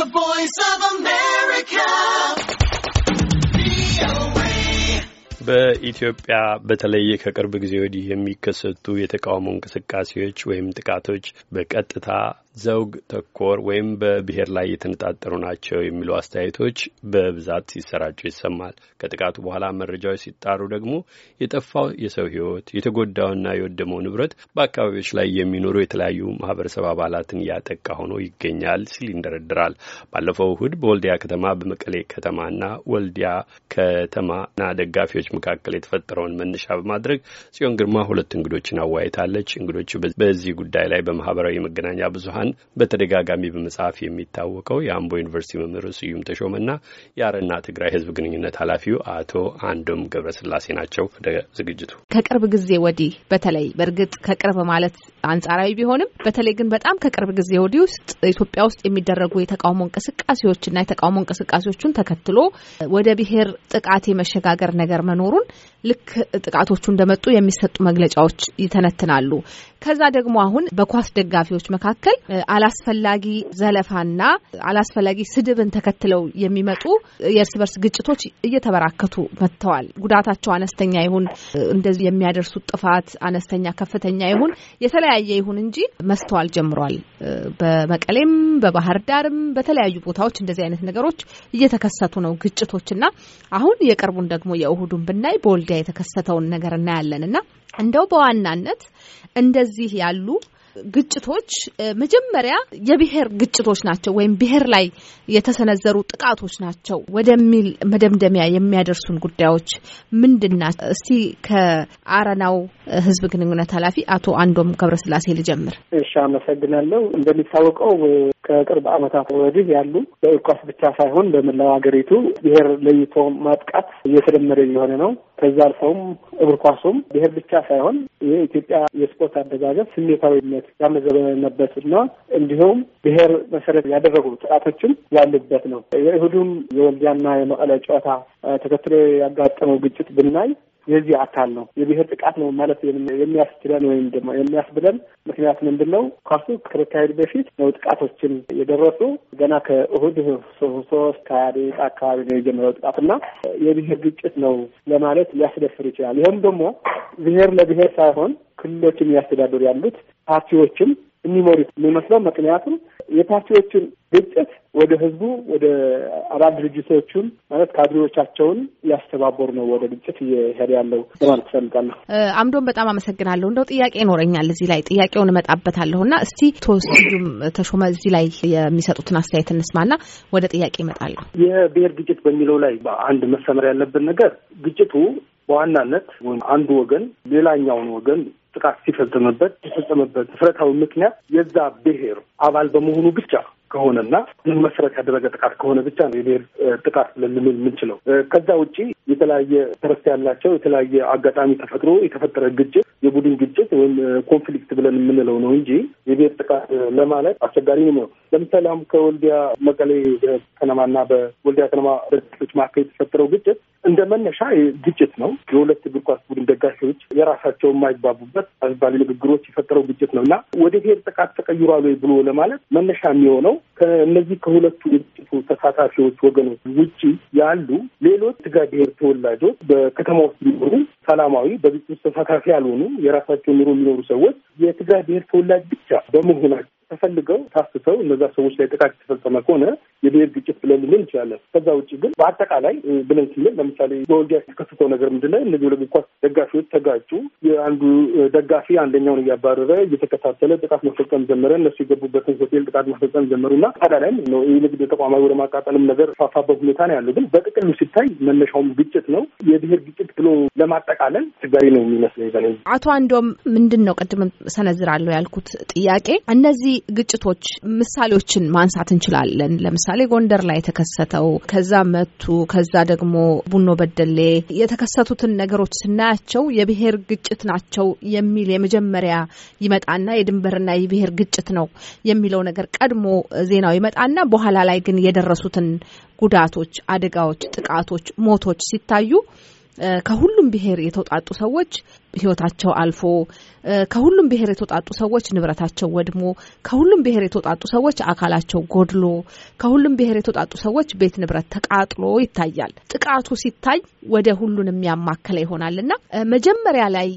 The Voice of America. በኢትዮጵያ በተለይ ከቅርብ ጊዜ ወዲህ የሚከሰቱ የተቃውሞ እንቅስቃሴዎች ወይም ጥቃቶች በቀጥታ ዘውግ ተኮር ወይም በብሔር ላይ የተነጣጠሩ ናቸው የሚሉ አስተያየቶች በብዛት ሲሰራጩ ይሰማል። ከጥቃቱ በኋላ መረጃዎች ሲጣሩ ደግሞ የጠፋው የሰው ሕይወት የተጎዳውና የወደመው ንብረት በአካባቢዎች ላይ የሚኖሩ የተለያዩ ማህበረሰብ አባላትን ያጠቃ ሆኖ ይገኛል ሲል ይንደረድራል። ባለፈው እሁድ በወልዲያ ከተማ በመቀሌ ከተማና ወልዲያ ከተማና ደጋፊዎች መካከል የተፈጠረውን መነሻ በማድረግ ጽዮን ግርማ ሁለት እንግዶችን አወያይታለች። እንግዶቹ በዚህ ጉዳይ ላይ በማህበራዊ መገናኛ ብዙሀን ምሁራን በተደጋጋሚ በመጽሐፍ የሚታወቀው የአምቦ ዩኒቨርሲቲ መምህሩ ስዩም ተሾመና የአረና ትግራይ ህዝብ ግንኙነት ኃላፊው አቶ አንዶም ገብረስላሴ ናቸው። ዝግጅቱ ከቅርብ ጊዜ ወዲህ በተለይ በእርግጥ ከቅርብ ማለት አንጻራዊ ቢሆንም በተለይ ግን በጣም ከቅርብ ጊዜ ወዲህ ውስጥ ኢትዮጵያ ውስጥ የሚደረጉ የተቃውሞ እንቅስቃሴዎችና የተቃውሞ እንቅስቃሴዎቹን ተከትሎ ወደ ብሔር ጥቃት የመሸጋገር ነገር መኖሩን ልክ ጥቃቶቹ እንደመጡ የሚሰጡ መግለጫዎች ይተነትናሉ። ከዛ ደግሞ አሁን በኳስ ደጋፊዎች መካከል አላስፈላጊ ዘለፋና አላስፈላጊ ስድብን ተከትለው የሚመጡ የእርስ በርስ ግጭቶች እየተበራከቱ መጥተዋል። ጉዳታቸው አነስተኛ ይሁን እንደዚህ የሚያደርሱት ጥፋት አነስተኛ ከፍተኛ ይሁን የተለያየ ይሁን እንጂ መስተዋል ጀምሯል። በመቀሌም በባህር ዳርም በተለያዩ ቦታዎች እንደዚህ አይነት ነገሮች እየተከሰቱ ነው ግጭቶችና አሁን የቅርቡን ደግሞ የእሁዱን ብናይ በወልዲያ የተከሰተውን ነገር እናያለን እና እንደው በዋናነት እንደዚህ ያሉ ግጭቶች መጀመሪያ የብሔር ግጭቶች ናቸው ወይም ብሔር ላይ የተሰነዘሩ ጥቃቶች ናቸው ወደሚል መደምደሚያ የሚያደርሱን ጉዳዮች ምንድን ናቸው? እስቲ ከአረናው ህዝብ ግንኙነት ኃላፊ አቶ አንዶም ገብረስላሴ ልጀምር። እሺ፣ አመሰግናለሁ። እንደሚታወቀው ከቅርብ ዓመታት ወዲህ ያሉ ኳስ ብቻ ሳይሆን በመላው ሀገሪቱ ብሔር ለይቶ ማጥቃት እየተለመደ እየሆነ ነው። ከዛ አልፈውም እግር ኳሱም ብሔር ብቻ ሳይሆን የኢትዮጵያ የስፖርት አደጋገብ ስሜታዊነት ያመዘበነበት እና እንዲሁም ብሔር መሰረት ያደረጉ ጥቃቶችም ያሉበት ነው። የእሁዱም የወልዲያና የመቀለ ጨዋታ ተከትሎ ያጋጠመው ግጭት ብናይ የዚህ አካል ነው። የብሔር ጥቃት ነው ማለት የሚያስችለን ወይም ደግሞ የሚያስብለን ምክንያት ምንድን ነው? ኳሱ በፊት ነው ጥቃቶችን የደረሱ ገና ከእሁድ ሶስት ከሀያ ደቂቃ አካባቢ ነው የጀመረው ጥቃት እና የብሔር ግጭት ነው ለማለት ሊያስደፍር ይችላል። ይህም ደግሞ ብሔር ለብሔር ሳይሆን ክልሎችን እያስተዳደሩ ያሉት ፓርቲዎችም የሚመሩት የሚመስለው ምክንያቱም የፓርቲዎችን ግጭት ወደ ህዝቡ ወደ አባል ድርጅቶቹን ማለት ካድሬዎቻቸውን እያስተባበሩ ነው ወደ ግጭት እየሄደ ያለው ለማለት ትፈልጋለሁ። አምዶን በጣም አመሰግናለሁ። እንደው ጥያቄ ይኖረኛል እዚህ ላይ ጥያቄውን እመጣበታለሁ እና እስቲ ተወስዩም ተሾመ እዚህ ላይ የሚሰጡትን አስተያየት እንስማና ወደ ጥያቄ ይመጣለሁ። የብሔር ግጭት በሚለው ላይ አንድ መሰመር ያለብን ነገር ግጭቱ በዋናነት ወይም አንዱ ወገን ሌላኛውን ወገን ጥቃት ሲፈጸምበት ሲፈጸምበት መሰረታዊ ምክንያት የዛ ብሔር አባል በመሆኑ ብቻ ከሆነና መሰረት ያደረገ ጥቃት ከሆነ ብቻ ነው የብሔር ጥቃት ልንል የምንችለው። ከዛ ውጪ የተለያየ ተረስ ያላቸው የተለያየ አጋጣሚ ተፈጥሮ የተፈጠረ ግጭት፣ የቡድን ግጭት ወይም ኮንፍሊክት ብለን የምንለው ነው እንጂ የብሔር ጥቃት ለማለት አስቸጋሪ ነው። ለምሳሌ አሁን ከወልዲያ መቀሌ ከነማና በወልዲያ ከነማ ደጋፊዎች መካከል የተፈጠረው ግጭት እንደ መነሻ ግጭት ነው። የሁለት እግር ኳስ ቡድን ደጋፊዎች የራሳቸው የማይግባቡበት አዝባሊ ንግግሮች የፈጠረው ግጭት ነው እና ወደ ብሔር ጥቃት ተቀይሯል ወይ ብሎ ለማለት መነሻ የሚሆነው ከእነዚህ ከሁለቱ የግጭቱ ተሳታፊዎች ወገኖች ውጭ ያሉ ሌሎች ትግራይ ብሔር ተወላጆች በከተማ ውስጥ የሚኖሩ ሰላማዊ በግጭት ተሳታፊ ያልሆኑ የራሳቸው ኑሮ የሚኖሩ ሰዎች የትግራይ ብሔር ተወላጅ ብቻ በመሆናቸው ተፈልገው ታስሰው እነዛ ሰዎች ላይ ጥቃት የተፈጸመ ከሆነ የብሄር ግጭት ብለን ልንል እንችላለን። ከዛ ውጭ ግን በአጠቃላይ ብለን ስንል ለምሳሌ በወልዲያ የተከሰተው ነገር ምንድን ነው? እነዚህ ሁለት ኳስ ደጋፊዎች ተጋጩ። የአንዱ ደጋፊ አንደኛውን እያባረረ እየተከታተለ ጥቃት መፈጸም ጀመረ። እነሱ የገቡበትን ሆቴል ጥቃት መፈጸም ጀመሩ እና ቀዳዳይም ነው የንግድ ተቋማዊ ወደ ማቃጠልም ነገር ፋፋበት ሁኔታ ነው ያለው። ግን በጥቅሉ ሲታይ መነሻውም ግጭት ነው። የብሄር ግጭት ብሎ ለማጠቃለል አስቸጋሪ ነው የሚመስለኝ። አቶ አንዶም ምንድን ነው ቅድም ሰነዝራለሁ ያልኩት ጥያቄ እነዚህ ግጭቶች ምሳሌዎችን ማንሳት እንችላለን። ለምሳሌ ጎንደር ላይ የተከሰተው ከዛ መቱ ከዛ ደግሞ ቡኖ በደሌ የተከሰቱትን ነገሮች ስናያቸው የብሔር ግጭት ናቸው የሚል የመጀመሪያ ይመጣና የድንበርና የብሔር ግጭት ነው የሚለው ነገር ቀድሞ ዜናው ይመጣና በኋላ ላይ ግን የደረሱትን ጉዳቶች፣ አደጋዎች፣ ጥቃቶች፣ ሞቶች ሲታዩ ከሁሉም ብሔር የተውጣጡ ሰዎች ህይወታቸው አልፎ ከሁሉም ብሔር የተውጣጡ ሰዎች ንብረታቸው ወድሞ ከሁሉም ብሔር የተውጣጡ ሰዎች አካላቸው ጎድሎ ከሁሉም ብሔር የተውጣጡ ሰዎች ቤት ንብረት ተቃጥሎ ይታያል። ጥቃቱ ሲታይ ወደ ሁሉን ያማከለ ይሆናል እና መጀመሪያ ላይ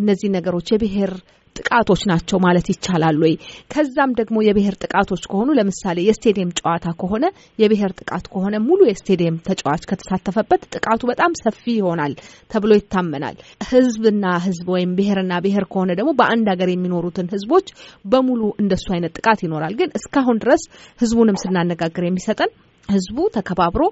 እነዚህ ነገሮች የብሔር ጥቃቶች ናቸው ማለት ይቻላል ወይ? ከዛም ደግሞ የብሔር ጥቃቶች ከሆኑ ለምሳሌ የስቴዲየም ጨዋታ ከሆነ የብሔር ጥቃት ከሆነ ሙሉ የስቴዲየም ተጫዋች ከተሳተፈበት ጥቃቱ በጣም ሰፊ ይሆናል ተብሎ ይታመናል። ህዝብና ህዝብ ወይም ብሔርና ብሔር ከሆነ ደግሞ በአንድ ሀገር የሚኖሩትን ህዝቦች በሙሉ እንደሱ አይነት ጥቃት ይኖራል። ግን እስካሁን ድረስ ህዝቡንም ስናነጋግር የሚሰጠን ህዝቡ ተከባብሮ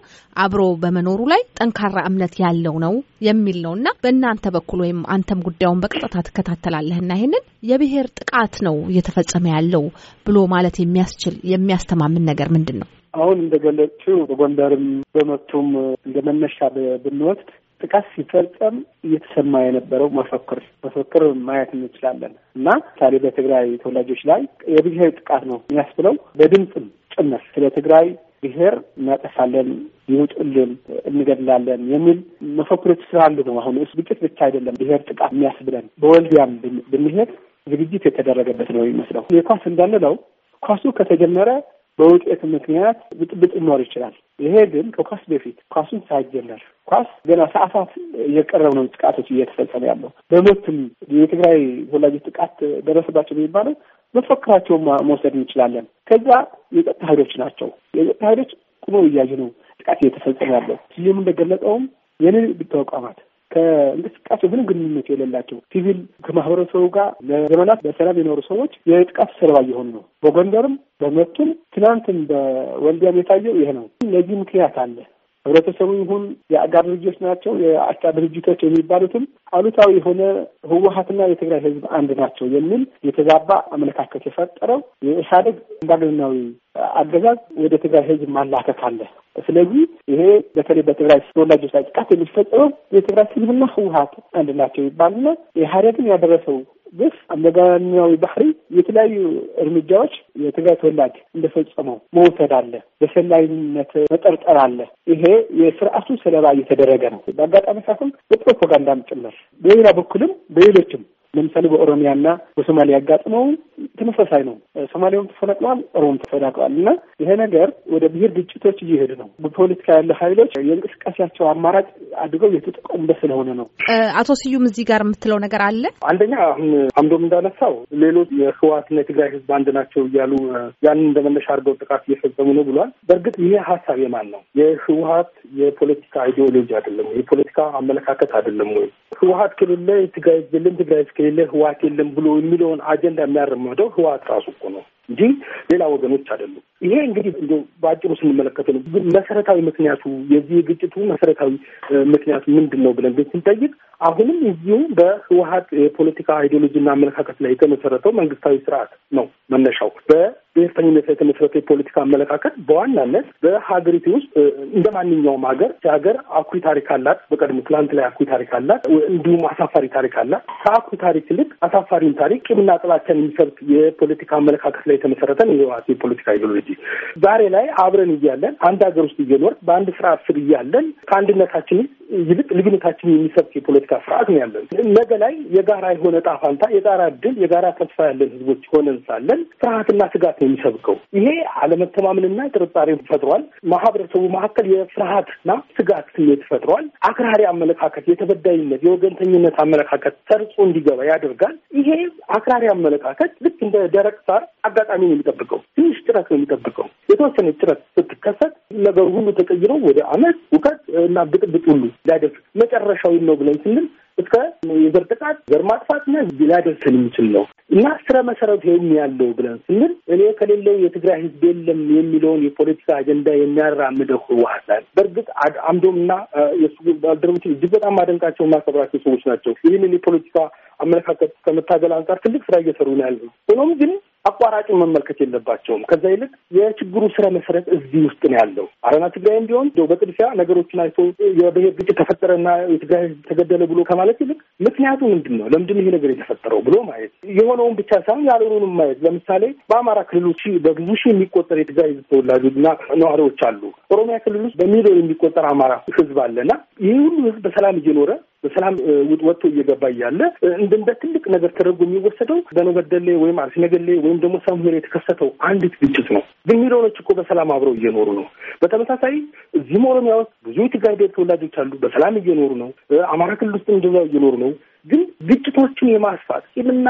አብሮ በመኖሩ ላይ ጠንካራ እምነት ያለው ነው የሚል ነው እና በእናንተ በኩል ወይም አንተም ጉዳዩን በቀጥታ ትከታተላለህና ይህንን የብሔር ጥቃት ነው እየተፈጸመ ያለው ብሎ ማለት የሚያስችል የሚያስተማምን ነገር ምንድን ነው? አሁን እንደገለችው በጎንደርም በመቱም እንደ መነሻ ብንወስድ ጥቃት ሲፈጸም እየተሰማ የነበረው መፈክር መፈክር ማየት እንችላለን እና ምሳሌ በትግራይ ተወላጆች ላይ የብሔር ጥቃት ነው የሚያስብለው በድምፅም ጭምር ስለ ትግራይ ብሔር እናጠፋለን፣ ይውጡልን፣ እንገድላለን የሚል መፈክሮች ስላሉ ነው። አሁን እሱ ግጭት ብቻ አይደለም ብሔር ጥቃት የሚያስብለን። በወልዲያም ብንሄድ ዝግጅት የተደረገበት ነው ይመስለው የኳስ እንዳንለው ኳሱ ከተጀመረ በውጤት ምክንያት ብጥብጥ ሊኖር ይችላል። ይሄ ግን ከኳስ በፊት ኳሱን ሳይጀመር ኳስ ገና ሰዓታት እየቀረብ ነው ጥቃቶች እየተፈጸመ ያለው በሞትም የትግራይ ወላጆች ጥቃት ደረሰባቸው የሚባለው መፈክራቸው መውሰድ እንችላለን። ከዛ የጸጥታ ኃይሎች ናቸው። የጸጥታ ኃይሎች ቁመው እያዩ ነው ጥቃት እየተፈጸመ ያለው። ስዩም እንደገለጸውም የንግድ ተቋማት ከእንቅስቃሴ ምንም ግንኙነት የሌላቸው ሲቪል ከማህበረሰቡ ጋር ለዘመናት በሰላም የኖሩ ሰዎች የጥቃት ሰለባ እየሆኑ ነው። በጎንደርም በመቱም ትናንትም በወልዲያም የታየው ይሄ ነው። ለዚህ ምክንያት አለ። ህብረተሰቡ ይሁን የአጋር ድርጅቶች ናቸው የአቻ ድርጅቶች የሚባሉትም አሉታዊ የሆነ ህወሀትና የትግራይ ህዝብ አንድ ናቸው የሚል የተዛባ አመለካከት የፈጠረው የኢህአዴግ አምባገነናዊ አገዛዝ ወደ ትግራይ ህዝብ ማላከት አለ። ስለዚህ ይሄ በተለይ በትግራይ ተወላጆች ላይ ጥቃት የሚፈጸመው የትግራይ ህዝብና ህወሀት አንድ ናቸው ይባልና ኢህአዴግን ያደረሰው ግፍ አመጋኛዊ ባህሪ የተለያዩ እርምጃዎች የትግራይ ተወላጅ እንደፈጸመው መውሰድ አለ፣ በሰላይነት መጠርጠር አለ። ይሄ የስርዓቱ ሰለባ እየተደረገ ነው። በአጋጣሚ ሳይሆን በፕሮፓጋንዳም ጭምር በሌላ በኩልም በሌሎችም ለምሳሌ በኦሮሚያና በሶማሌ ያጋጥመው ተመሳሳይ ነው። ሶማሌውም ተፈናቅሏል፣ ኦሮሞም ተፈናቅሏል። እና ይሄ ነገር ወደ ብሄር ግጭቶች እየሄዱ ነው። በፖለቲካ ያለ ሀይሎች የእንቅስቃሴያቸው አማራጭ አድገው የተጠቀሙበት ስለሆነ ነው። አቶ ስዩም እዚህ ጋር የምትለው ነገር አለ። አንደኛ አሁን አምዶም እንዳነሳው ሌሎች የህወሓትና የትግራይ ህዝብ አንድ ናቸው እያሉ ያንን መነሻ አድርገው ጥቃት እየፈጸሙ ነው ብሏል። በእርግጥ ይሄ ሀሳብ የማን ነው? የህወሓት የፖለቲካ አይዲዮሎጂ አይደለም፣ የፖለቲካ አመለካከት አይደለም ወይ? ህወሓት ክልል ላይ ትግራይ ክልል ትግራይ የለህ ህዋት የለም ብሎ የሚለውን አጀንዳ የሚያራምደው ህዋት ራሱ እኮ ነው። እንጂ ሌላ ወገኖች አይደሉም። ይሄ እንግዲህ እንደ በአጭሩ ስንመለከተ ነው። መሰረታዊ ምክንያቱ የዚህ የግጭቱ መሰረታዊ ምክንያቱ ምንድን ነው ብለን ግን ስንጠይቅ አሁንም እዚሁ በህወሀት የፖለቲካ አይዲዮሎጂና አመለካከት ላይ የተመሰረተው መንግስታዊ ስርዓት ነው መነሻው በብሔርተኝነት ላይ የተመሰረተው የፖለቲካ አመለካከት በዋናነት በሀገሪቱ ውስጥ እንደ ማንኛውም ሀገር ሀገር አኩሪ ታሪክ አላት። በቀድሞ ትላንት ላይ አኩሪ ታሪክ አላት፣ እንዲሁም አሳፋሪ ታሪክ አላት። ከአኩሪ ታሪክ ይልቅ አሳፋሪን ታሪክ ቂምና ጥላቻን የሚሰብክ የፖለቲካ አመለካከት ላይ የተመሰረተ የህወሓት የፖለቲካ ኢዲዮሎጂ። ዛሬ ላይ አብረን እያለን አንድ ሀገር ውስጥ እየኖር በአንድ ስርዓት ስር እያለን ከአንድነታችን ይልቅ ልዩነታችን የሚሰብክ የፖለቲካ ስርዓት ነው ያለን። ነገ ላይ የጋራ የሆነ ጣፋንታ የጋራ እድል፣ የጋራ ተስፋ ያለን ህዝቦች ሆነን ሳለን ፍርሃትና ስጋት ነው የሚሰብከው። ይሄ አለመተማመንና ጥርጣሬ ፈጥሯል። ማህበረሰቡ መካከል የፍርሃትና ስጋት ስሜት ፈጥሯል። አክራሪ አመለካከት፣ የተበዳይነት፣ የወገንተኝነት አመለካከት ሰርጾ እንዲገባ ያደርጋል። ይሄ አክራሪ አመለካከት ልክ እንደ ደረቅ ሳር አጋጣሚ ነው የሚጠብቀው። ትንሽ ጭረት ነው የሚጠብቀው። የተወሰነ ጭረት ስትከሰት ነገሩ ሁሉ ተቀይሮ ወደ አመት፣ ውከት እና ብጥብጥ ሁሉ ሊያደርስ መጨረሻውን ነው ብለን ስንል እስከ የዘር ጥቃት ዘር ማጥፋት ነ ሊያደርሰን የሚችል ነው እና ስረ መሰረት ይሄም ያለው ብለን ስንል እኔ ከሌለው የትግራይ ህዝብ የለም የሚለውን የፖለቲካ አጀንዳ የሚያራምደው ህወሓት ናል። በእርግጥ አምዶም እና የሱ ባልደረቦች እጅግ በጣም አደንቃቸው የማከብራቸው ሰዎች ናቸው። ይህንን የፖለቲካ አመለካከት ከመታገል አንጻር ትልቅ ስራ እየሰሩ ነው ያለ። ሆኖም ግን አቋራጭን መመልከት የለባቸውም። ከዛ ይልቅ የችግሩ ስረ መሰረት እዚህ ውስጥ ነው ያለው። አረና ትግራይም ቢሆን እንደው በጥድፊያ ነገሮችን አይቶ የብሄር ግጭት ተፈጠረና የትግራይ ሕዝብ ተገደለ ብሎ ከማለት ይልቅ ምክንያቱ ምንድን ነው፣ ለምንድን ይሄ ነገር የተፈጠረው ብሎ ማየት፣ የሆነውን ብቻ ሳይሆን ያልሆኑንም ማየት። ለምሳሌ በአማራ ክልሎች በብዙ ሺህ የሚቆጠር የትግራይ ሕዝብ ተወላጆችና ነዋሪዎች አሉ። ኦሮሚያ ክልል ውስጥ በሚሊዮን የሚቆጠር አማራ ህዝብ አለና ይህ ሁሉ ህዝብ በሰላም እየኖረ በሰላም ወጥቶ እየገባ እያለ እንደ እንደ ትልቅ ነገር ተደርጎ የሚወሰደው በኖበደሌ ወይም አርሲ ነገሌ ወይም ደግሞ ሳምዌር የተከሰተው አንዲት ግጭት ነው። ግን ሚሊዮኖች እኮ በሰላም አብረው እየኖሩ ነው። በተመሳሳይ እዚህም ኦሮሚያ ውስጥ ብዙ የትግራይ ብሔር ተወላጆች አሉ፣ በሰላም እየኖሩ ነው። አማራ ክልል ውስጥ እንደዛው እየኖሩ ነው። ግን ግጭቶችን የማስፋት ቂምና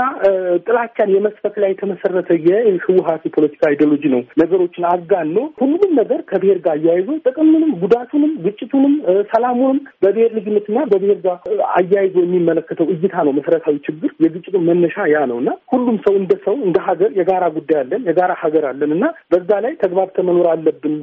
ጥላቻን የመስፈት ላይ የተመሰረተ የህወሀት የፖለቲካ አይዲዮሎጂ ነው። ነገሮችን አጋኖ ሁሉንም ነገር ከብሔር ጋር አያይዞ ጥቅምንም፣ ጉዳቱንም፣ ግጭቱንም፣ ሰላሙንም በብሔር ልዩነትና በብሔር ጋር አያይዞ የሚመለከተው እይታ ነው። መሰረታዊ ችግር የግጭቱ መነሻ ያ ነው እና ሁሉም ሰው እንደ ሰው እንደ ሀገር የጋራ ጉዳይ አለን፣ የጋራ ሀገር አለን እና በዛ ላይ ተግባብተን መኖር አለብን።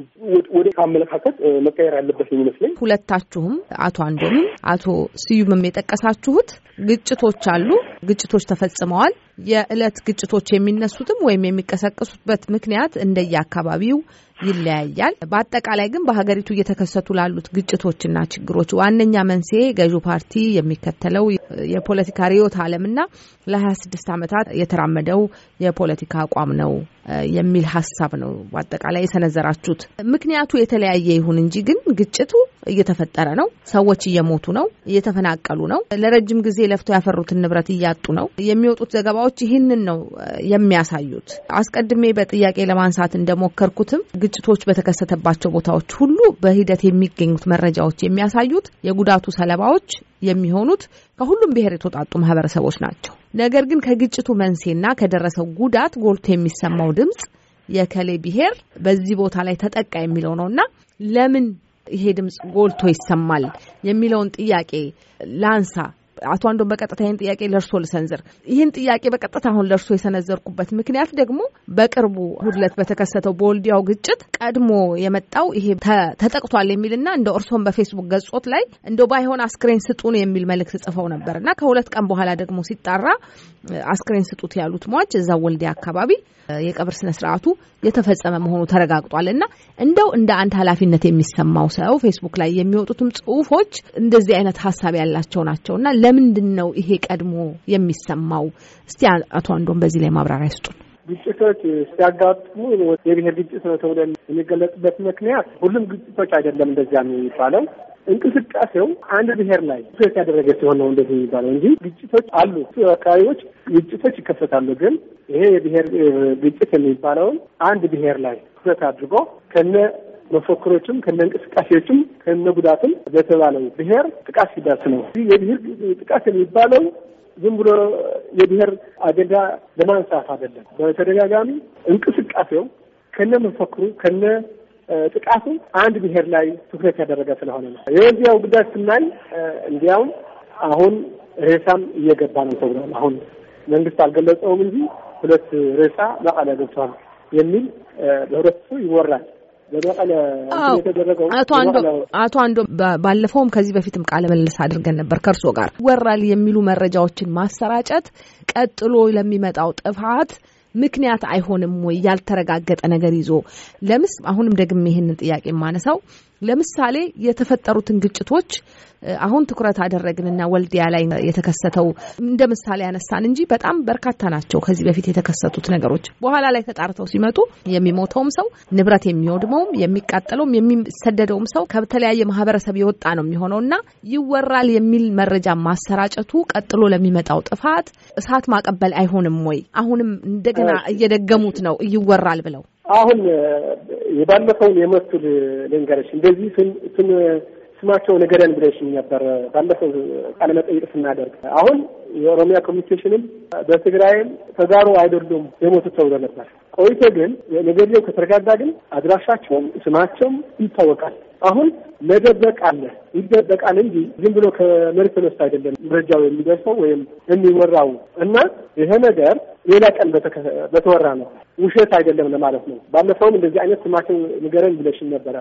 ወደ አመለካከት መቀየር አለበት የሚመስለኝ ሁለታችሁም አቶ አንዶምም አቶ ስዩምም የጠቀሳችሁት ግጭቶች አሉ። ግጭቶች ተፈጽመዋል። የእለት ግጭቶች የሚነሱትም ወይም የሚቀሰቀሱበት ምክንያት እንደየአካባቢው ይለያያል። በአጠቃላይ ግን በሀገሪቱ እየተከሰቱ ላሉት ግጭቶችና ችግሮች ዋነኛ መንስኤ ገዢው ፓርቲ የሚከተለው የፖለቲካ ርዕዮተ ዓለምና ለ26 ዓመታት የተራመደው የፖለቲካ አቋም ነው የሚል ሀሳብ ነው በአጠቃላይ የሰነዘራችሁት። ምክንያቱ የተለያየ ይሁን እንጂ ግን ግጭቱ እየተፈጠረ ነው። ሰዎች እየሞቱ ነው፣ እየተፈናቀሉ ነው፣ ለረጅም ጊዜ ለፍተው ያፈሩትን ንብረት እያጡ ነው። የሚወጡት ዘገባዎች ይህንን ነው የሚያሳዩት። አስቀድሜ በጥያቄ ለማንሳት እንደሞከርኩትም ግጭቶች በተከሰተባቸው ቦታዎች ሁሉ በሂደት የሚገኙት መረጃዎች የሚያሳዩት የጉዳቱ ሰለባዎች የሚሆኑት ከሁሉም ብሔር የተውጣጡ ማህበረሰቦች ናቸው። ነገር ግን ከግጭቱ መንስኤና ከደረሰው ጉዳት ጎልቶ የሚሰማው ድምፅ የከሌ ብሔር በዚህ ቦታ ላይ ተጠቃ የሚለው ነው እና ለምን ይሄ ድምፅ ጎልቶ ይሰማል የሚለውን ጥያቄ ላንሳ። አቶ አንዶም በቀጥታ ይህን ጥያቄ ለእርሶ ልሰንዝር። ይህን ጥያቄ በቀጥታ አሁን ለእርሶ የሰነዘርኩበት ምክንያት ደግሞ በቅርቡ ሁድለት በተከሰተው በወልዲያው ግጭት ቀድሞ የመጣው ይሄ ተጠቅቷል የሚልና እንደ እርሶን በፌስቡክ ገጾት ላይ እንደ ባይሆን አስክሬን ስጡን የሚል መልእክት ጽፈው ነበር እና ከሁለት ቀን በኋላ ደግሞ ሲጣራ አስክሬን ስጡት ያሉት ሟች እዛ ወልዲያ አካባቢ የቀብር ስነ ስርዓቱ የተፈጸመ መሆኑ ተረጋግጧል እና እንደው እንደ አንድ ኃላፊነት የሚሰማው ሰው ፌስቡክ ላይ የሚወጡትም ጽሁፎች እንደዚህ አይነት ሀሳብ ያላቸው ናቸው እና ለምንድን ነው ይሄ ቀድሞ የሚሰማው? እስቲ አቶ አንዶም በዚህ ላይ ማብራሪያ ይስጡን። ግጭቶች ሲያጋጥሙ የብሔር ግጭት ነው ተብሎ የሚገለጽበት ምክንያት ሁሉም ግጭቶች አይደለም እንደዚያ የሚባለው እንቅስቃሴው አንድ ብሔር ላይ ትኩረት ያደረገ ሲሆን ነው እንደዚህ የሚባለው እንጂ ግጭቶች አሉ። አካባቢዎች ግጭቶች ይከሰታሉ። ግን ይሄ የብሔር ግጭት የሚባለውን አንድ ብሔር ላይ ትኩረት አድርጎ ከነ መፈክሮችም ከነ እንቅስቃሴዎችም ከነ ጉዳትም በተባለው ብሔር ጥቃት ሲደርስ ነው። የብሔር ጥቃት የሚባለው ዝም ብሎ የብሔር አጀንዳ ለማንሳት አይደለም። በተደጋጋሚ እንቅስቃሴው ከነ መፈክሩ ከነ ጥቃቱ አንድ ብሔር ላይ ትኩረት ያደረገ ስለሆነ ነው። የዚያው ጉዳይ ስናይ እንዲያውም አሁን ሬሳም እየገባ ነው ተብሏል። አሁን መንግስት አልገለጸውም እንጂ ሁለት ሬሳ መቀለ ገብቷል የሚል በሁለቱ ይወራል። አቶ አንዶ አቶ አንዶ ባለፈውም ከዚህ በፊትም ቃለ መልስ አድርገን ነበር ከእርሶ ጋር ወራል የሚሉ መረጃዎችን ማሰራጨት ቀጥሎ ለሚመጣው ጥፋት ምክንያት አይሆንም ወይ? ያልተረጋገጠ ነገር ይዞ ለምስ አሁንም ደግሜ ይህንን ጥያቄ የማነሳው ለምሳሌ የተፈጠሩትን ግጭቶች አሁን ትኩረት አደረግንና ወልዲያ ላይ የተከሰተው እንደ ምሳሌ ያነሳን እንጂ በጣም በርካታ ናቸው። ከዚህ በፊት የተከሰቱት ነገሮች በኋላ ላይ ተጣርተው ሲመጡ የሚሞተውም ሰው ንብረት የሚወድመውም የሚቃጠለውም የሚሰደደውም ሰው ከተለያየ ማህበረሰብ የወጣ ነው የሚሆነው እና ይወራል የሚል መረጃ ማሰራጨቱ ቀጥሎ ለሚመጣው ጥፋት እሳት ማቀበል አይሆንም ወይ? አሁንም እንደገና እየደገሙት ነው ይወራል ብለው አሁን የባለፈውን የመቱል ልንገርሽ። እንደዚህ ስም ስማቸው ንገረን ብለሽኝ ነበር ባለፈው ቃለ መጠይቅ ስናደርግ አሁን የኦሮሚያ ኮሚኒኬሽንም በትግራይም ተጋሩ አይደሉም የሞቱት ተብሎ ነበር። ቆይቶ ግን ነገርየው ከተረጋጋ ግን አድራሻቸውም ስማቸውም ይታወቃል። አሁን መደበቅ አለ ይደበቃል እንጂ ዝም ብሎ ከመሬት ተነስቶ አይደለም መረጃው የሚደርሰው ወይም የሚወራው እና ይሄ ነገር ሌላ ቀን በተወራ ነው ውሸት አይደለም ለማለት ነው። ባለፈውም እንደዚህ አይነት ስማቸው ንገረን ብለሽን ነበረ።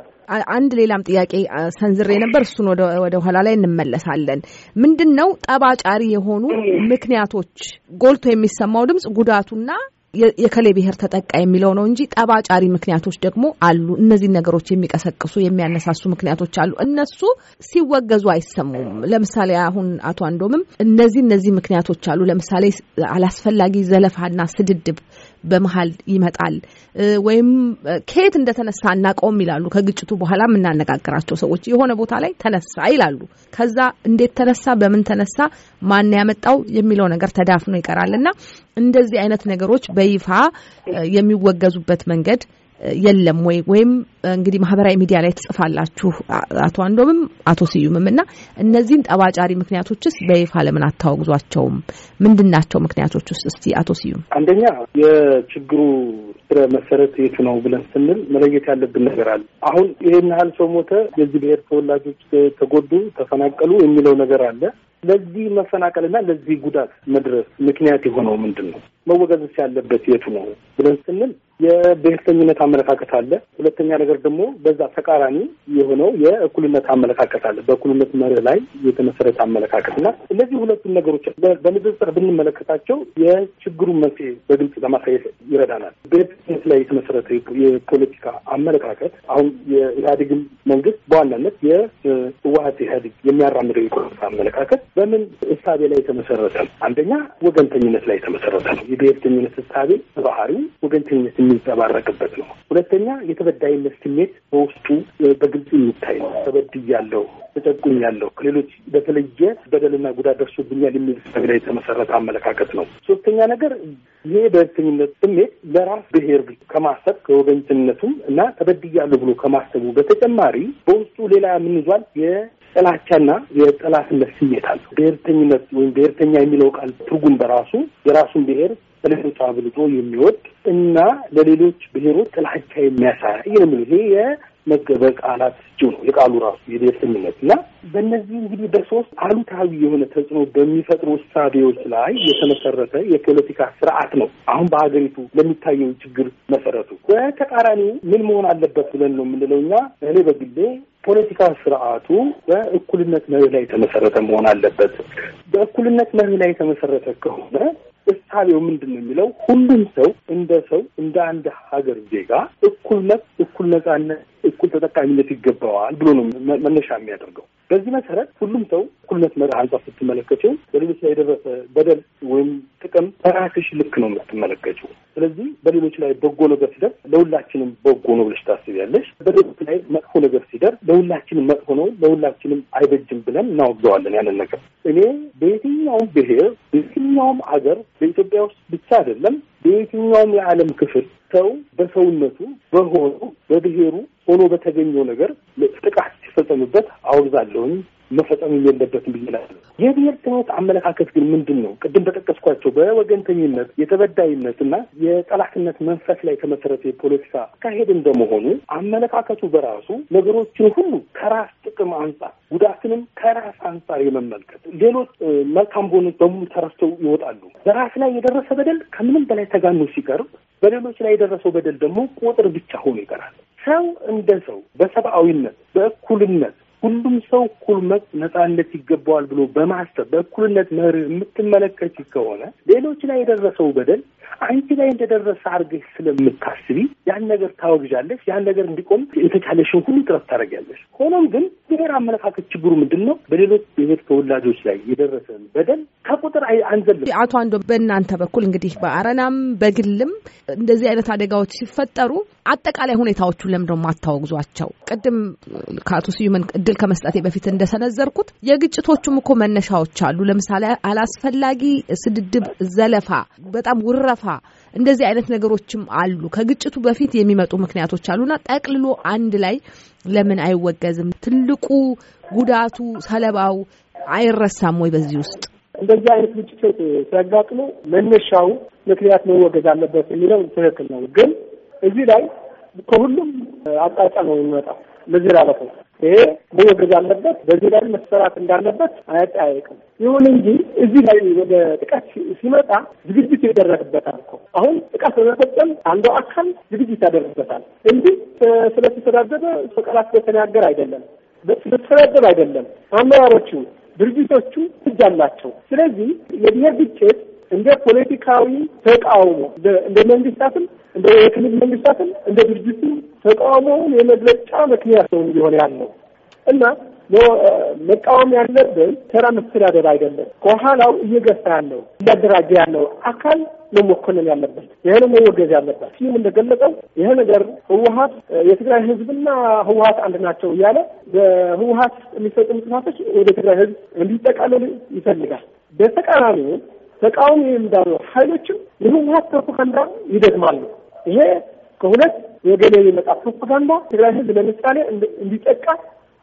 አንድ ሌላም ጥያቄ ሰንዝሬ ነበር። እሱን ወደ ኋላ ላይ እንመለሳለን። ምንድን ነው ጠባጫሪ የሆኑ ምክንያቶች ጎልቶ የሚሰማው ድምፅ ጉዳቱና የከሌ ብሔር ተጠቃ የሚለው ነው እንጂ ጠባጫሪ ምክንያቶች ደግሞ አሉ። እነዚህ ነገሮች የሚቀሰቅሱ የሚያነሳሱ ምክንያቶች አሉ። እነሱ ሲወገዙ አይሰሙም። ለምሳሌ አሁን አቶ አንዶምም እነዚህ እነዚህ ምክንያቶች አሉ፣ ለምሳሌ አላስፈላጊ ዘለፋና ስድድብ በመሀል ይመጣል ወይም ከየት እንደተነሳ እናቀውም ይላሉ። ከግጭቱ በኋላ የምናነጋግራቸው ሰዎች የሆነ ቦታ ላይ ተነሳ ይላሉ። ከዛ እንዴት ተነሳ፣ በምን ተነሳ፣ ማን ያመጣው የሚለው ነገር ተዳፍኖ ይቀራል እና እንደዚህ አይነት ነገሮች በይፋ የሚወገዙበት መንገድ የለም ወይ? ወይም እንግዲህ ማህበራዊ ሚዲያ ላይ ትጽፋላችሁ አቶ አንዶምም አቶ ስዩምም እና እነዚህን ጠባጫሪ ምክንያቶችስ በይፋ ለምን አታወግዟቸውም? ምንድን ናቸው ምክንያቶች ውስጥ እስቲ አቶ ስዩም። አንደኛ የችግሩ ስረ መሰረት የቱ ነው ብለን ስንል መለየት ያለብን ነገር አለ። አሁን ይሄን ያህል ሰው ሞተ፣ የዚህ ብሔር ተወላጆች ተጎዱ፣ ተፈናቀሉ የሚለው ነገር አለ። ለዚህ መፈናቀልና ለዚህ ጉዳት መድረስ ምክንያት የሆነው ምንድን ነው? መወገዝስ ያለበት የቱ ነው ብለን ስንል የብሔርተኝነት አመለካከት አለ። ሁለተኛ ነገር ደግሞ በዛ ተቃራኒ የሆነው የእኩልነት አመለካከት አለ። በእኩልነት መርህ ላይ የተመሰረተ አመለካከት እና እነዚህ ሁለቱን ነገሮች በንጽጽር ብንመለከታቸው የችግሩን መንስኤ በግልጽ ለማሳየት ይረዳናል። ብሔርተኝነት ላይ የተመሰረተ የፖለቲካ አመለካከት አሁን የኢህአዴግን መንግስት በዋናነት የህወሀት ኢህአዴግ የሚያራምደው የፖለቲካ አመለካከት በምን እሳቤ ላይ የተመሰረተ ነው? አንደኛ ወገንተኝነት ላይ የተመሰረተ ነው። የብሔርተኝነት እሳቤ ባህሪው ወገንተኝነት የሚንጸባረቅበት ነው። ሁለተኛ የተበዳይነት ስሜት በውስጡ በግልጽ የሚታይ ነው። ተበድያለሁ፣ ተጨቁኛለሁ፣ ከሌሎች በተለየ በደልና ጉዳት ደርሶብኛል የሚል እሳቤ ላይ የተመሰረተ አመለካከት ነው። ሶስተኛ ነገር ይሄ ብሔርተኝነት ስሜት ለራስ ብሔር ከማሰብ ከወገንተኝነቱም እና ተበድያለሁ ብሎ ከማሰቡ በተጨማሪ በውስጡ ሌላ ምን ይዟል? ጥላቻና የጠላትነት ስሜት አለው ብሔርተኝነት ወይም ብሔርተኛ የሚለው ቃል ትርጉም በራሱ የራሱን ብሔር ለሌሎች አብልጦ የሚወድ እና ለሌሎች ብሔሮች ጥላቻ የሚያሳይ ነው ይሄ መዝገበ ቃላት እጁ ነው የቃሉ ራሱ የብሔርተኝነት እና በእነዚህ እንግዲህ በሶስት አሉታዊ የሆነ ተጽዕኖ በሚፈጥሩ እሳቤዎች ላይ የተመሰረተ የፖለቲካ ስርዓት ነው አሁን በሀገሪቱ ለሚታየው ችግር መሰረቱ። በተቃራኒው ምን መሆን አለበት ብለን ነው የምንለው እኛ እኔ በግሌ ፖለቲካ ስርዓቱ በእኩልነት መርህ ላይ የተመሰረተ መሆን አለበት። በእኩልነት መርህ ላይ የተመሰረተ ከሆነ እሳቤው ምንድን ነው የሚለው ሁሉም ሰው እንደ ሰው እንደ አንድ ሀገር ዜጋ እኩል መብት፣ እኩል ነጻነት፣ እኩል ተጠቃሚነት ይገባዋል ብሎ ነው መነሻ የሚያደርገው። በዚህ መሰረት ሁሉም ሰው እኩልነት መርህ አንጻር ስትመለከችው በሌሎች ላይ የደረሰ በደል ወይም ጥቅም በራስሽ ልክ ነው የምትመለከችው። ስለዚህ በሌሎች ላይ በጎ ነገር ሲደርስ ለሁላችንም በጎ ነው ብለሽ ታስቢያለሽ። በሌሎች ላይ መጥፎ ነገር ሲደርስ ለሁላችንም መጥፎ ነው፣ ለሁላችንም አይበጅም ብለን እናወግዘዋለን ያንን ነገር። እኔ በየትኛውም ብሔር በየትኛውም አገር በኢትዮጵያ ውስጥ ብቻ አይደለም በየትኛውም የዓለም ክፍል ሰው በሰውነቱ በሆኑ በብሔሩ ሆኖ በተገኘው ነገር ጥቃት እንዲፈጸሙበት አወግዛለሁኝ። መፈጸም የለበትም ብይላለሁ። የብሔር ተወት አመለካከት ግን ምንድን ነው? ቅድም በጠቀስኳቸው በወገንተኝነት የተበዳይነት እና የጠላትነት መንፈስ ላይ የተመሰረተ የፖለቲካ አካሄድ እንደመሆኑ አመለካከቱ በራሱ ነገሮችን ሁሉ ከራስ ጥቅም አንጻር፣ ጉዳትንም ከራስ አንጻር የመመልከት ሌሎች መልካም ጎኑ በሙሉ ተረስተው ይወጣሉ። በራስ ላይ የደረሰ በደል ከምንም በላይ ተጋኖ ሲቀርብ፣ በሌሎች ላይ የደረሰው በደል ደግሞ ቁጥር ብቻ ሆኖ ይቀራል። ሰው እንደ ሰው በሰብአዊነት በእኩልነት ሁሉም ሰው እኩል መብት፣ ነጻነት ይገባዋል ብሎ በማሰብ በእኩልነት መርህ የምትመለከች ከሆነ ሌሎች ላይ የደረሰው በደል አንቺ ላይ እንደደረሰ አድርገሽ ስለምታስቢ ያን ነገር ታወግዣለሽ። ያን ነገር እንዲቆም የተቻለሽን ሁሉ ጥረት ታደርጊያለሽ። ሆኖም ግን ብሔር አመለካከት ችግሩ ምንድን ነው? በሌሎች ብሔር ተወላጆች ላይ የደረሰን በደል ከቁጥር አንዘልም። አቶ አንዶ፣ በእናንተ በኩል እንግዲህ በአረናም በግልም እንደዚህ አይነት አደጋዎች ሲፈጠሩ አጠቃላይ ሁኔታዎቹን ለምንድነው ማታወግዟቸው ቅድም ከአቶ ስዩመን እድል ከመስጠቴ በፊት እንደሰነዘርኩት የግጭቶቹም እኮ መነሻዎች አሉ። ለምሳሌ አላስፈላጊ ስድድብ፣ ዘለፋ፣ በጣም ውረፋ፣ እንደዚህ አይነት ነገሮችም አሉ። ከግጭቱ በፊት የሚመጡ ምክንያቶች አሉና ጠቅልሎ አንድ ላይ ለምን አይወገዝም? ትልቁ ጉዳቱ ሰለባው አይረሳም ወይ? በዚህ ውስጥ እንደዚህ አይነት ግጭቶች ሲያጋጥሙ መነሻው ምክንያት መወገዝ አለበት የሚለው ትክክል ነው ግን እዚህ ላይ ከሁሉም አቅጣጫ ነው የሚመጣው። ለዚህ ላለፈ ይሄ መወገዝ አለበት። በዚህ ላይ መሰራት እንዳለበት አያጠያይቅም። ይሁን እንጂ እዚህ ላይ ወደ ጥቃት ሲመጣ ዝግጅት ይደረግበታል እኮ አሁን ጥቃት በመፈጸም አንዱ አካል ዝግጅት ያደርግበታል እንጂ ስለተተዳደበ በቃላት በተናገር አይደለም፣ ስለተሰዳደብ አይደለም። አመራሮቹ ድርጅቶቹ እጅ አላቸው። ስለዚህ የብሔር ግጭት እንደ ፖለቲካዊ ተቃውሞ እንደ መንግስታትም እንደ የክልል መንግስታትም እንደ ድርጅቱ ተቃውሞውን የመግለጫ ምክንያት ነው እየሆነ ያለው እና መቃወም ያለብን ተራ መስተዳደር አይደለም። ከኋላው እየገፋ ያለው እያደራጀ ያለው አካል ነው ያለበት። ይህን መወገዝ ያለበት። ሲም እንደገለጸው ይህ ነገር ህወሀት የትግራይ ህዝብና ህወሀት አንድ ናቸው እያለ በህወሀት የሚሰጡ ምጽፋቶች ወደ ትግራይ ህዝብ እንዲጠቃለል ይፈልጋል። በተቃራኒው ተቃውሞ የሚባሉ ኃይሎችም የህወሀት ፕሮፓጋንዳ ይደግማሉ። ይሄ ከሁለት ወገን የሚመጣ ፕሮፓጋንዳ ትግራይ ህዝብ ለምሳሌ እንዲጠቃ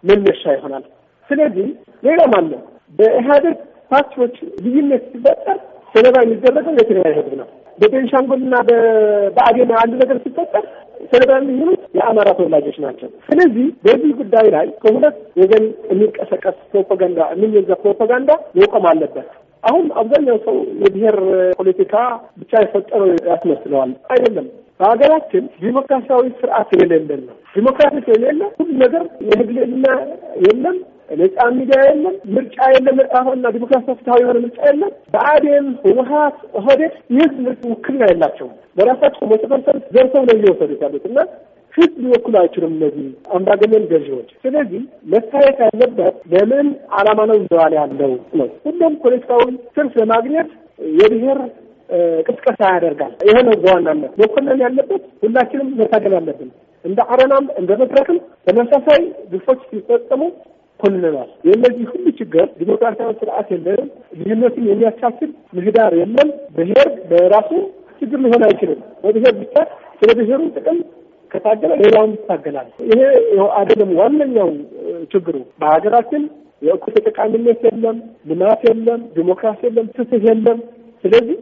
መነሻ ይሆናል። ስለዚህ ሌላ ማለት በኢህአዴግ ፓርቲዎች ልዩነት ሲፈጠር ሰለባ የሚደረገው የትግራይ ህዝብ ነው። በቤንሻንጉልና በአዴና አንድ ነገር ሲፈጠር ሰለባ የሚሆኑት የአማራ ተወላጆች ናቸው። ስለዚህ በዚህ ጉዳይ ላይ ከሁለት ወገን የሚንቀሰቀስ ፕሮፓጋንዳ፣ የሚነዛ ፕሮፓጋንዳ መቆም አለበት። አሁን አብዛኛው ሰው የብሔር ፖለቲካ ብቻ የፈጠረው ያስመስለዋል። አይደለም። በሀገራችን ዲሞክራሲያዊ ስርዓት የሌለን ነው። ዲሞክራሲ የሌለ ሁሉ ነገር የህግልና የለም ነጻ ሚዲያ የለም፣ ምርጫ የለም፣ ነጻና ዲሞክራሲ ፍትሀዊ የሆነ ምርጫ የለም። በአዴም ህወሀት፣ ኦህዴድ ይህ ውክልና የላቸውም። በራሳቸው መሰፈርሰር ዘርሰው ነው እየወሰዱት ያሉት እና ፊት ሊወክሉ አይችሉም እነዚህ አምባገነን ገዢዎች። ስለዚህ መታየት ያለበት ለምን አላማ ነው እየዋለ ያለው ነው። ሁሉም ፖለቲካዊ ትርፍ ለማግኘት የብሔር ቅስቀሳ ያደርጋል። ይሄ ነው በዋናነት መኮነን ያለበት። ሁላችንም መታገል አለብን። እንደ አረናም እንደ መድረክም ተመሳሳይ ግፎች ሲፈጸሙ ኮንነናል። የእነዚህ ሁሉ ችግር ዲሞክራሲያዊ ስርዓት የለንም፣ ልዩነትን የሚያቻችል ምህዳር የለም። ብሔር በራሱ ችግር ሊሆን አይችልም። በብሄር ብቻ ስለ ብሔሩ ጥቅም ከታገለ ሌላውን ይታገላል። ይሄ አይደለም ዋነኛው ችግሩ በሀገራችን የእኩል ተጠቃሚነት የለም፣ ልማት የለም፣ ዲሞክራሲ የለም፣ ፍትህ የለም። ስለዚህ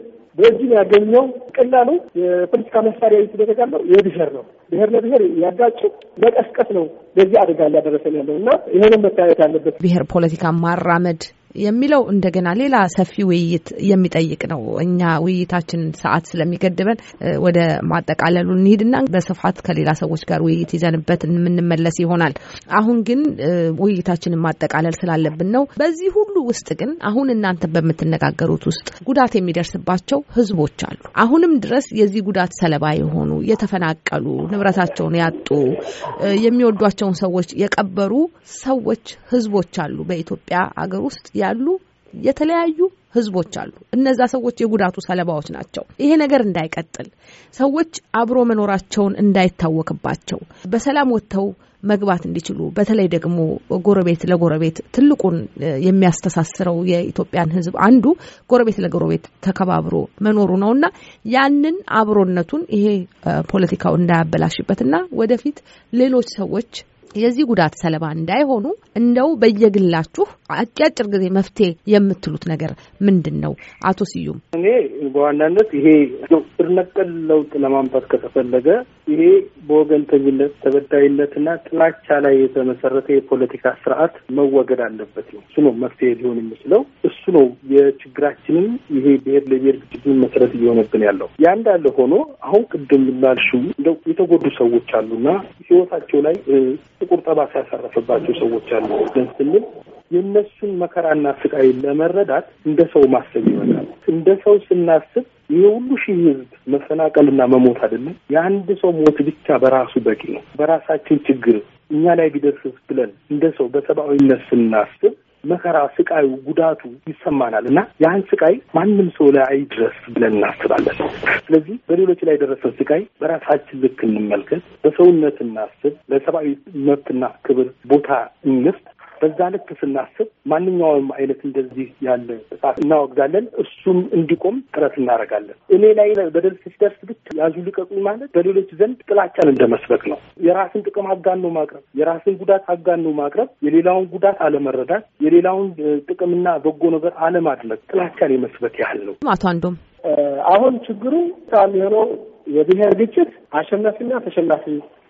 ነው ያገኘው ቀላሉ የፖለቲካ መሳሪያ የተደረጋለው የብሄር ነው። ብሄር ለብሄር ያጋጩ መቀስቀስ ነው። በዚህ አደጋ ሊያደረሰን ያለው እና ይህንም መታየት ያለበት ብሄር ፖለቲካ ማራመድ የሚለው እንደገና ሌላ ሰፊ ውይይት የሚጠይቅ ነው። እኛ ውይይታችን ሰዓት ስለሚገድበን ወደ ማጠቃለሉ እንሂድና በስፋት ከሌላ ሰዎች ጋር ውይይት ይዘንበት የምንመለስ ይሆናል። አሁን ግን ውይይታችንን ማጠቃለል ስላለብን ነው በዚህ ሁሉ ውስጥ ግን አሁን እናንተ በምትነጋገሩት ውስጥ ጉዳት የሚደርስባቸው ህዝቦች አሉ። አሁንም ድረስ የዚህ ጉዳት ሰለባ የሆኑ የተፈናቀሉ፣ ንብረታቸውን ያጡ፣ የሚወዷቸውን ሰዎች የቀበሩ ሰዎች፣ ህዝቦች አሉ። በኢትዮጵያ አገር ውስጥ ያሉ የተለያዩ ህዝቦች አሉ። እነዛ ሰዎች የጉዳቱ ሰለባዎች ናቸው። ይሄ ነገር እንዳይቀጥል ሰዎች አብሮ መኖራቸውን እንዳይታወቅባቸው በሰላም ወጥተው መግባት እንዲችሉ በተለይ ደግሞ ጎረቤት ለጎረቤት ትልቁን የሚያስተሳስረው የኢትዮጵያን ሕዝብ አንዱ ጎረቤት ለጎረቤት ተከባብሮ መኖሩ ነው እና ያንን አብሮነቱን ይሄ ፖለቲካው እንዳያበላሽበትና ወደፊት ሌሎች ሰዎች የዚህ ጉዳት ሰለባ እንዳይሆኑ እንደው በየግላችሁ አጫጭር ጊዜ መፍትሄ የምትሉት ነገር ምንድን ነው? አቶ ስዩም፣ እኔ በዋናነት ይሄ ስር ነቀል ለውጥ ለማምጣት ከተፈለገ ይሄ በወገንተኝነት ተበዳይነትና ጥላቻ ላይ የተመሰረተ የፖለቲካ ስርዓት መወገድ አለበት ነው። እሱ ነው መፍትሄ ሊሆን የሚችለው። እሱ ነው የችግራችንም ይሄ ብሔር ለብሔር ግጭትን መሰረት እየሆነብን ያለው። ያ እንዳለ ሆኖ አሁን ቅድም ላልሽው እንደው የተጎዱ ሰዎች አሉና ህይወታቸው ላይ ጥቁር ጠባሳ ያሳረፈባቸው ሰዎች አሉ ስንል የእነሱን መከራና ስቃይ ለመረዳት እንደ ሰው ማሰብ ይመጣል። እንደ ሰው ስናስብ ይህ ሁሉ ሺህ ህዝብ መፈናቀልና መሞት አይደለም። የአንድ ሰው ሞት ብቻ በራሱ በቂ ነው። በራሳችን ችግር እኛ ላይ ቢደርስስ ብለን እንደ ሰው በሰብአዊነት ስናስብ መከራ፣ ስቃዩ፣ ጉዳቱ ይሰማናል እና ያን ስቃይ ማንም ሰው ላይ አይድረስ ብለን እናስባለን። ስለዚህ በሌሎች ላይ የደረሰን ስቃይ በራሳችን ልክ እንመልከት፣ በሰውነት እናስብ፣ ለሰብአዊ መብትና ክብር ቦታ እንስጥ። በዛ ልክ ስናስብ ማንኛውም አይነት እንደዚህ ያለ ጥፋት እናወግዛለን። እሱም እንዲቆም ጥረት እናደርጋለን። እኔ ላይ በደል ሲደርስ ብቻ ያዙ ልቀቁኝ ማለት በሌሎች ዘንድ ጥላቻን እንደመስበክ ነው። የራስን ጥቅም አጋኖ ማቅረብ፣ የራስን ጉዳት አጋኖ ማቅረብ፣ የሌላውን ጉዳት አለመረዳት፣ የሌላውን ጥቅምና በጎ ነገር አለማድረግ ጥላቻን የመስበክ ያህል ነው። አቶ አንዶም አሁን ችግሩ የሚሆነው የብሔር ግጭት አሸናፊና ተሸናፊ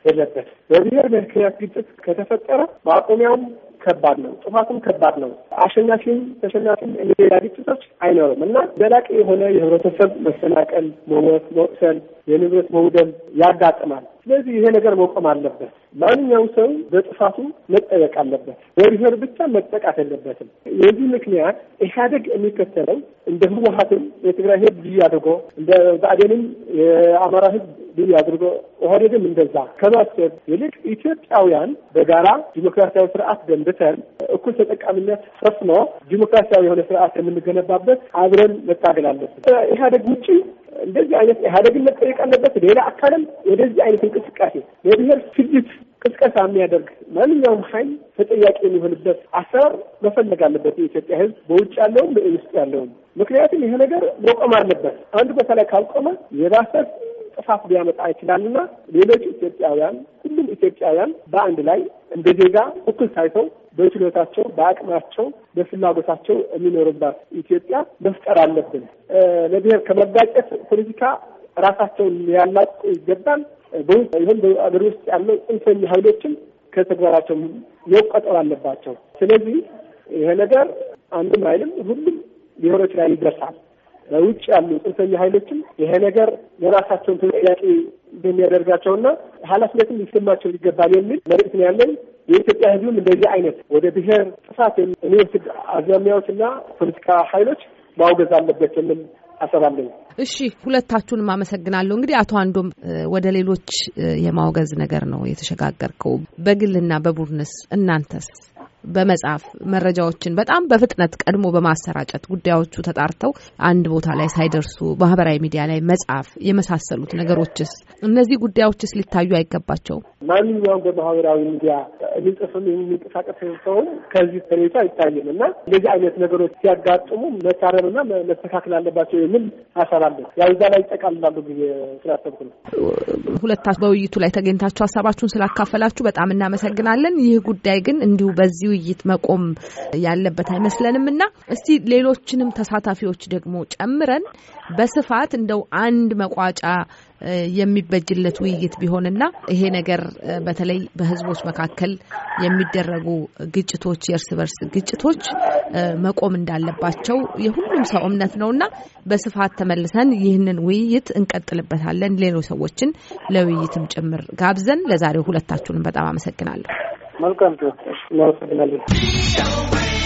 የለበት። በብሔር ምክንያት ግጭት ከተፈጠረ ማቆሚያውም ከባድ ነው። ጥፋቱም ከባድ ነው። አሸናፊም ተሸናፊም የሌላ ግጭቶች አይኖርም እና ዘላቂ የሆነ የህብረተሰብ መሰናቀል፣ መሞት፣ መቁሰል፣ የንብረት መውደም ያጋጥማል። ስለዚህ ይሄ ነገር መቆም አለበት። ማንኛውም ሰው በጥፋቱ መጠየቅ አለበት። በብሔር ብቻ መጠቃት የለበትም። የዚህ ምክንያት ኢህአደግ የሚከተለው እንደ ህወሀትም የትግራይ ህዝብ ልዩ አድርጎ እንደ ብአዴንም የአማራ ህዝብ ልዩ አድርጎ ኦህዴድም እንደዛ ከማሰብ ይልቅ ኢትዮጵያውያን በጋራ ዲሞክራሲያዊ ስርዓት ገንብተን እኩል ተጠቃሚነት ሰፍኖ ዲሞክራሲያዊ የሆነ ስርዓት የምንገነባበት አብረን መታገል አለብን። ኢህአደግ ውጭ እንደዚህ አይነት ኢህአዴግን መጠየቅ አለበት። ሌላ አካልም ወደዚህ አይነት እንቅስቃሴ የብሔር ፍጅት ቅስቀሳ የሚያደርግ ማንኛውም ኃይል ተጠያቂ የሚሆንበት አሰራር መፈለግ አለበት የኢትዮጵያ ሕዝብ በውጭ ያለውም በውስጥ ያለውም። ምክንያቱም ይሄ ነገር መቆም አለበት። አንድ ቦታ ላይ ካልቆመ የባሰ ጥፋት ሊያመጣ ይችላልና ሌሎች ኢትዮጵያውያን ሁሉም ኢትዮጵያውያን በአንድ ላይ እንደ ዜጋ እኩል ሳይተው በችሎታቸው፣ በአቅማቸው፣ በፍላጎታቸው የሚኖሩባት ኢትዮጵያ መፍጠር አለብን። ለብሔር ከመጋጨት ፖለቲካ ራሳቸውን ሊያላቁ ይገባል። ይህም በአገር ውስጥ ያለው ጽንፈኛ ኃይሎችን ከተግባራቸው መቆጠብ አለባቸው። ስለዚህ ይሄ ነገር አንድም አይልም፣ ሁሉም ብሔሮች ላይ ይደርሳል። በውጭ ያሉ ጽንፈኛ ኃይሎችም ይሄ ነገር የራሳቸውን ተጠያቂ የሚያደርጋቸውና ኃላፊነትም ሊሰማቸው ይገባል የሚል መልዕክት ነው ያለን። የኢትዮጵያ ህዝብም እንደዚህ አይነት ወደ ብሔር ጥፋት የሚወስድ አዝማሚያዎችና ፖለቲካ ኃይሎች ማውገዝ አለበት የምል አሰባለኝ። እሺ፣ ሁለታችሁንም አመሰግናለሁ። እንግዲህ አቶ አንዶም ወደ ሌሎች የማውገዝ ነገር ነው የተሸጋገርከው። በግልና በቡድንስ እናንተስ በመጻፍ መረጃዎችን በጣም በፍጥነት ቀድሞ በማሰራጨት ጉዳዮቹ ተጣርተው አንድ ቦታ ላይ ሳይደርሱ ማህበራዊ ሚዲያ ላይ መጻፍ የመሳሰሉት ነገሮችስ እነዚህ ጉዳዮችስ ሊታዩ አይገባቸውም? ማንኛውም በማህበራዊ ሚዲያ ሊጽፍም የሚንቀሳቀስ ሰውም ከዚህ ተሬቱ አይታይም እና እንደዚህ አይነት ነገሮች ሲያጋጥሙ መታረምና መስተካከል አለባቸው የሚል አሰራለሁ። ያው እዛ ላይ ይጠቃልላሉ ብዬ ስላሰብኩ ነው። ሁለታችሁ በውይይቱ ላይ ተገኝታችሁ ሀሳባችሁን ስላካፈላችሁ በጣም እናመሰግናለን። ይህ ጉዳይ ግን እንዲሁ በዚሁ ውይይት መቆም ያለበት አይመስለንም እና እስቲ ሌሎችንም ተሳታፊዎች ደግሞ ጨምረን በስፋት እንደው አንድ መቋጫ የሚበጅለት ውይይት ቢሆንና ይሄ ነገር በተለይ በህዝቦች መካከል የሚደረጉ ግጭቶች፣ የእርስ በርስ ግጭቶች መቆም እንዳለባቸው የሁሉም ሰው እምነት ነውና በስፋት ተመልሰን ይህንን ውይይት እንቀጥልበታለን። ሌሎች ሰዎችን ለውይይትም ጭምር ጋብዘን ለዛሬው ሁለታችሁንም በጣም አመሰግናለሁ። መልካም